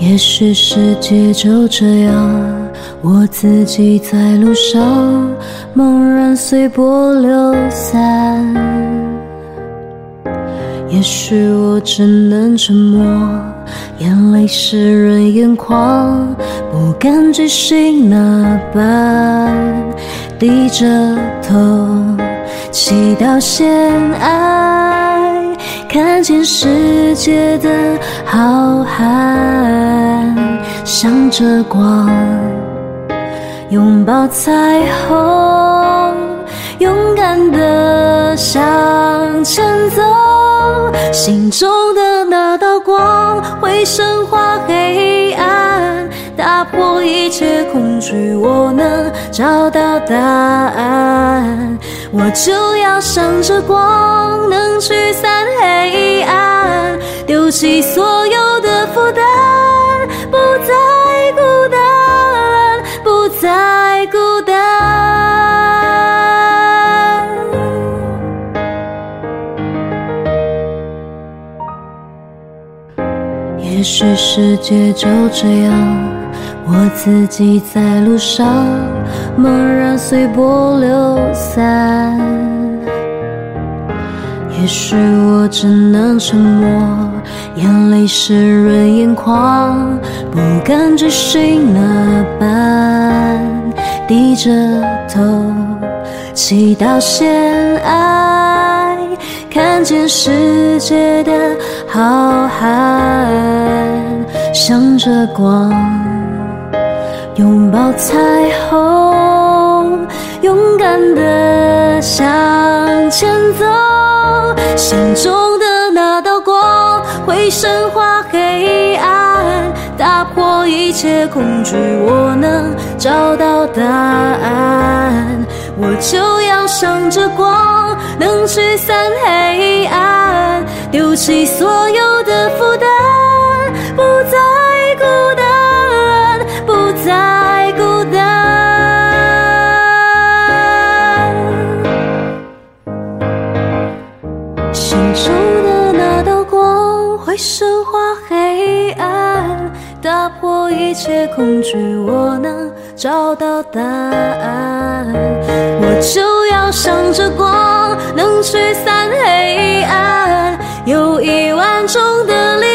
也許世界就這樣，我自己在路上，茫然隨波流散。也許我只能沉默，眼淚濕潤眼眶，不甘追尋那般，低着頭祈禱先愛。看見世界的浩瀚，向着光，擁抱彩虹，勇敢的向前走。心中的那道光會昇華黑暗，打破一切恐懼，我能找到答案。我就要向着光，能驅散黑暗，丟棄所有的負擔，不再孤單，不再孤單。也許世界就這樣，我自己在路上，茫然。隨波流散，也許我只能沉默，眼淚濕潤眼眶，不甘追尋那般，低着頭祈禱先愛，看見世界的浩瀚，向着光擁抱彩虹。勇敢的向前走，心中的那道光會昇華黑暗，打破一切恐懼，我能找到答案。我就要向著光，能驅散黑暗，丟棄所有的負擔。會升華黑暗，打破一切恐懼，我能找到答案。我就要向着光，能驅散黑暗，有一萬種的力